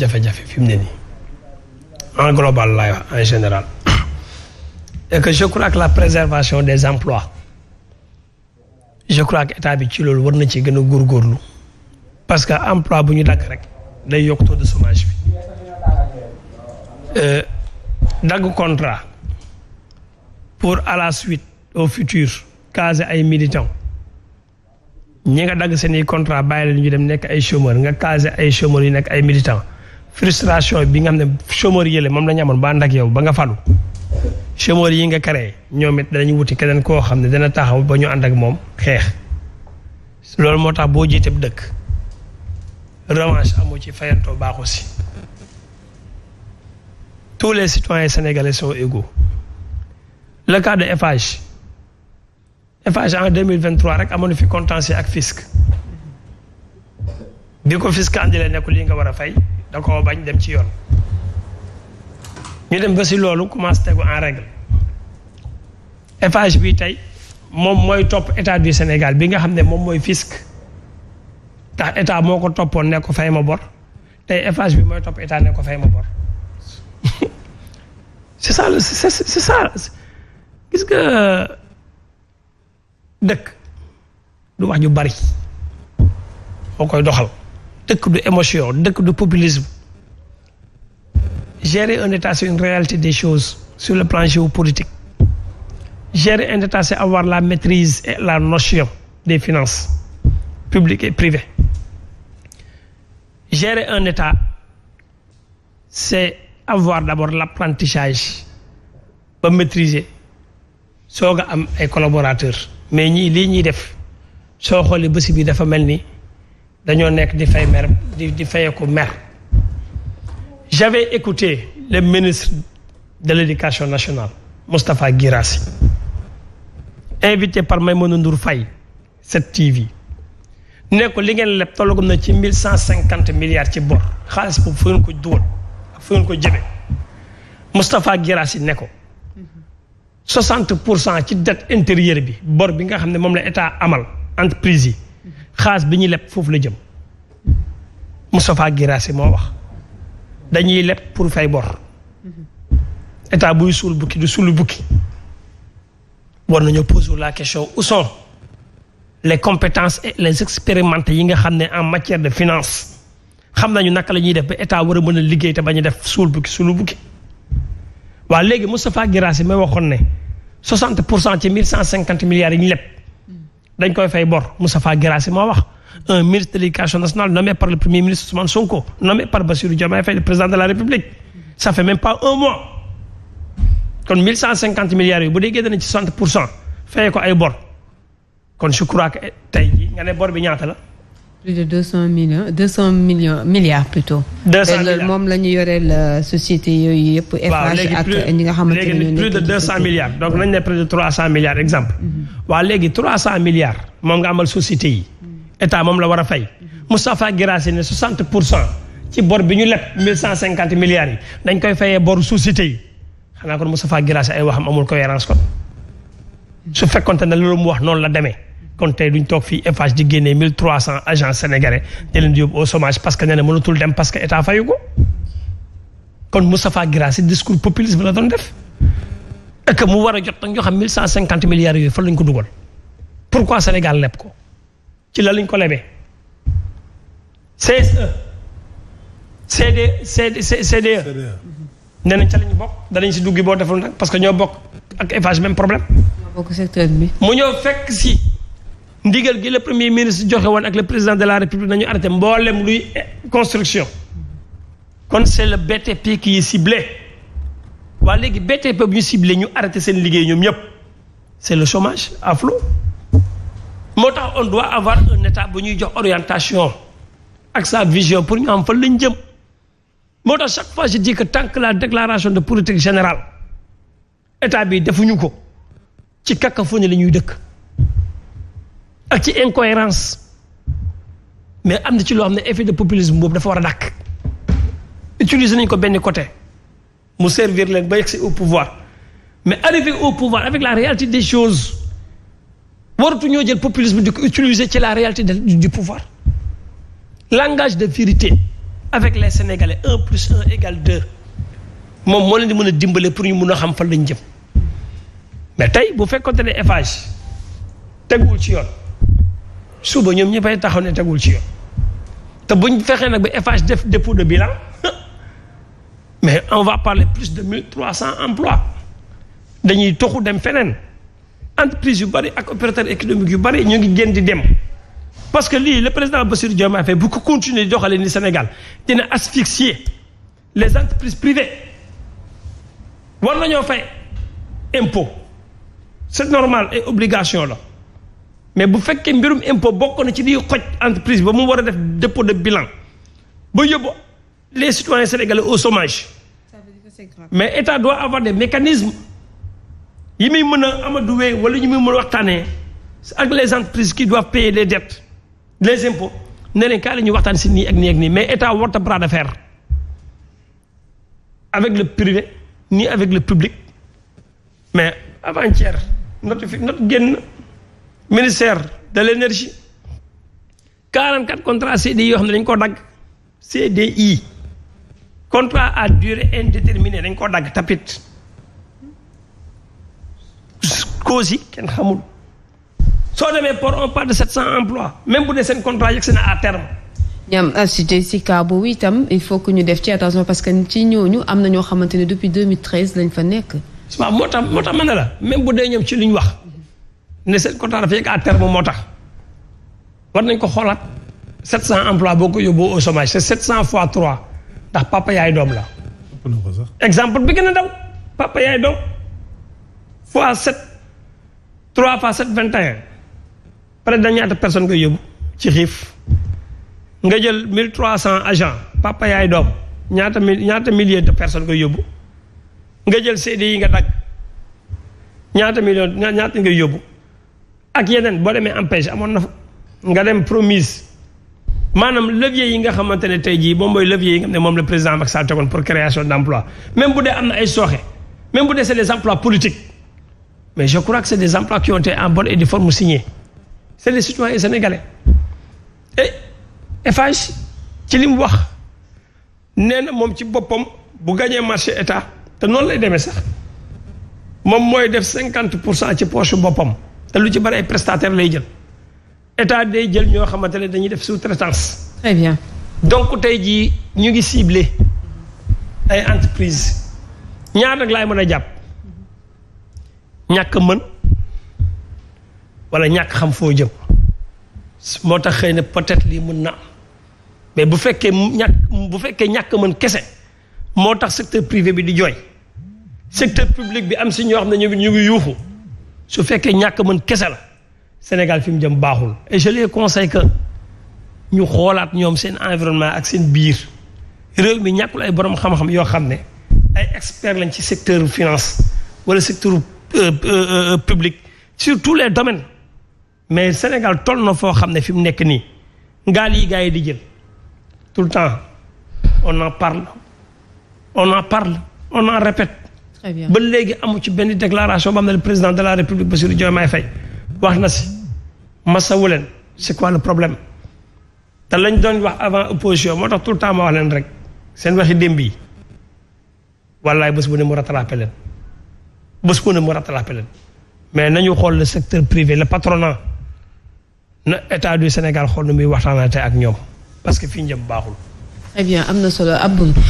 jafe-jafe fi mu ne nii en global laay en général et que je crois que la préservation des emplois je crois que état bi ci loolu war na ci gën a góorgóorlu parce que emplois bu ñu dagg rek day yokk taux de chômage bi euh, dagg contrat pour à la suite au futur caser ay militants ñi nga dagg seen i contrat bàyyi leen ñu dem nekk ay chômeurs nga caser ay chômeurs yu nekk ay militants frustration bi nga xam ne chômeur yële moom la amoon ba ànd ak yow ba nga falu chômeur yi nga créé ñoom it danañu wuti keneen koo xam ne dana taxaw ba ñu ànd ak moom xeex loolu moo tax boo jiitee dëkk revanche amu ci fayantoo baaxu si tous les citoyens sénégalais sont le cas de Eiffage Eiffage en 2023 rek amoon fi contentieux ak fisc bi ko fisc andilee nekku lii nga war a fay da koo bañ dem ci yoon ñu dem ba si loolu commence tegu en règle Eiffage bi tey moom mooy topp état du Sénégal bi nga xam ne moom mooy fisc tax état moo ko toppoon ne ko fay ma bor tey Eiffage bi mooy topp état ne ko fay ma bor c'est ça c'est c'est ça dëkk du wax ju bari moo koy doxal. dëkk du émotion dëkk du populisme gérer un état c'est une réalité des choses sur le plan géopolitique gérer un état c'est avoir la maîtrise et la notion des finances publiques et privées gérer un état c'est avoir d'abord l'apprentissage ba maîtriser soo nga am ay collaborateurs mais ñii lii ñuy def soo xoolee bés bi dafa mel ni dañoo nekk di fay mer di di ko mer j'avais écouté le ministre de l'éducation nationale Moustapha Guirassi invité par Maïmouna Ndour Faye cette TV ne ko li ngeen leb tollagum na ci mille cent cinquante milliards ci bor xaalis boobu fu ngeen ko dugal ak fu ngeen ko jëme Moustapha Guirassi ne ko soixante pour cent ci dette intérieure bi bor bi nga xam ne moom la état amal entreprise yi xaas bi ñu leb foofu la jëm Moustapha Guirassy moo wax dañuy leb pour fay bor état buy suul bukki du suulu bukki war nañoo poser la question où son les compétences et les expérimentés yi nga xam ne en matière de finance xam nañu naka la ñuy def ba état war a mën a liggéey te bañ a def suul bukki suulu bukki waaw léegi Moustapha Guirassy ma waxoon ne 60 pour cent ci 1150 milliards yi ñu leb dañ koy fay bor Moustapha Guirassy moo wax un ministre de l'éducation nationale nommé par le premier ministre Ousmane Sonko nommé par Bassirou Diomaye Faye le président de la République ça fait même pas un mois kon mille cent cinquante milliards yi bu dee génne na ci 60 pour cent fay ko ay bor kon je crois que tey jii nga ne bor bi ñaata la plus de deux cent millions deux cent millions milliards plutôt. deux milliards moom la ñu yoreel euh, société yooyu yëpp. waaw léegi ak ñi nga xamante ne de cent milliards donc nañ ne près de trois cent milliards exemple. Mhm. waaw léegi trois cent milliards moom amal société yi. Mhm. état moom la war a fay. Mhm. Moustapha Guirassy ne soixante pour cent ci bor bi ñu leb mille cent cinquante milliards yi dañ koy fayee boru société yi xanaa kon Moustapha Guirassy ay waxam amul cohérence kon su fekkonte ne loolu mu wax noonu la demee. kon tey duñ toog fii Eiffage di génnee mille trois cent agents sénégalais di leen di au chômage parce que nee na mënatul dem parce que état fayu ko kon Moustapha Guirassy discours bi la doon def et mu war a jot nag yoo xam mille cent cinquante milliards yooyu fan lañ ko dugal pourquoi Sénégal leb ko ci la lañ ko lebee CSE CD CD CDE e. nee nañ ca lañ bokk danañ si duggi boo deful nag parce que ñoo bokk ak Eiffage même problème. mu ñëw fekk si. ndigal gi le premier ministre joxe woon ak le président de la république nañu arrêté mboolem luy construction kon c'est le BTP qui est ciblé waa léegi BTP bu ñu ciblé ñu arrêté seen liggéey ñoom ñëpp c'est le chômage à flot moo tax on doit avoir un état bu ñuy jox orientation ak sa vision pour ñu am fan lañ jëm moo tax chaque fois je dis que tant que la déclaration de politique générale état bi defuñu ko ci cacophonie la ñuy dëkk ak ci incohérence mais am na ci loo xam ne effet de populisme boobu dafa war a dàkk utiliser nañ ko benn côté mu servir leen ba yegsi au pouvoir mais arrivé au pouvoir avec la réalité des choses waratu ñoo jël populisme di ko utiliser ci la réalité du pouvoir langage de vérité avec les sénégalais un plus un égale deux moom moo leen di mën a dimbale pour ñu mun a xam fan lañ jëm mais tey bu fekkonte ne Eiffage teguwul ci yoon. suba ñoom ñëppay taxaw ne tegul ci yoon te buñ fexee nag ba Eiffage def dépôt de bilan mais on va parle plus de mille trois cent emplois dañuy toxu dem feneen entreprise yu bari ak opérateur économique yu bari ñu ngi gën di dem parce que lii le président Bassirou Diomaye Faye bu ko continuer doxalee ni Sénégal dina asphyxier les entreprises privées war nañoo fay impo c'est normal et obligation la mais bu fekkee mbirum impôt bokk na ci liy xoj entreprise ba mu war a def dépôt de bilan ba yóbbu les citoyens sénégalais au chômage. Ça mais état doit avoir des mécanismes yi muy mën a amaduwee wala ñu muy mën a waxtaanee ak les entreprises qui doivent payer les dettes les impôts ne leen kaa ñuy waxtaan si nii ak nii ak nii mais état warta bras de fer avec le privé nii avec le public mais avant-hier note fi note génn. ministère de l' énergie 44 contrats CDI yoo xam ne dañ koo dagg CDI contrat à dure indéterminée dañ koo dagg tapit cause yi kenn xamul soo demee port on parle de 700 emplois même bu dee seen contrat yegg si na à terme. ñam cité ah, si cas boobu itam il faut que ñu def ci attention parce que ci ñooñu am na ñoo xamante ne depuis 2013 lañ fa nekk. waaw moo tax moo tax ma ne la même bu dee ñoom ci li ñu wax. ne seen contrat dafa yegg à terme moo tax war nañ ko xoolaat 700 emplois boo ko yóbboo au chômage c'est 700 fois 3 ndax papa yaay doom la. exemple bi gën a daw papa yaay doom fois 7 3 fois 7 21 près de ñaata personne nga yóbbu ci xiif nga jël mille 1300 agents papa yaay doom ñaata mil ñaata milliers de personne nga yóbbu nga jël CD yi nga dagg ñaata millions ñaata nga yóbbu. ak yeneen boo demee empêche amoon na nga dem promise maanaam levier yi nga xamante ne tey jii moom mooy levier yi nga xam ne moom la président Macky Sall tegoon pour création d' emploi même bu am na ay sooxe même bu dee c' est des emplois mais je crois que des emplois qui ont été en bonne est des citoyens sénégalais et Eiffage ci li wax nee na moom ci boppam bu gañee marché état te noonu lay demee sax moom mooy def cinquante pour cent ci poche boppam. te lu ci bari ay prestataire lay jël état de jël ñoo xamante ne dañuy def sous-traitance. très donc tey jii ñu ngi cible ay entreprise ñaar nag laay mën a jàpp ñàkk mën walla ñàkk xam foo jëm moo tax xëy na peut-être lii mën na mais bu fekkee ñàkk bu fekkee ñàkk mën kese moo tax secteur privé bi di jooy secteur public bi am si ñoo xam ne ñu ñu ngi yuuxu. su fekkee ñàkk mën kese la Sénégal fi mu jëm baaxul et je les conseille que ñu xoolaat ñoom seen environnement ak seen biir réew mi ñàkkul ay borom xam-xam yoo xam ne ay experts lañ ci secteur finance wala secteur euh, euh, euh, public sur tous les domaines mais Sénégal toll na foo xam ne fi mu nekk nii ngaal yi gars yi di jël tout le temps on en parle on en parle on en répète. ba léegi amu ci benn déclaration ba am na le président de la république Bassirou Diomaye Faye wax na si masawu leen c'est quoi le problème te lañ doon wax avant opposition moo tax tout le temps ma wax leen rek seen waxi démb yi wallaay bés bu ne mu rattrapé leen bés bu ne mu rattrapé leen mais nañu xool le secteur privé le patronat na état du Sénégal xool nu muy waxtaanatee ak ñoom parce que fi ñu jëm baaxul.